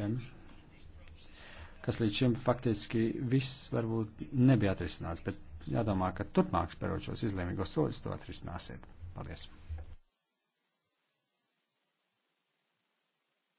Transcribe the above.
procesiem, kas līdz šim faktiski viss varbūt nebija atrisināts, bet jādomā, ka turpmāk spērot šos izlēmīgos soļus, to atrisināsiet. Paldies!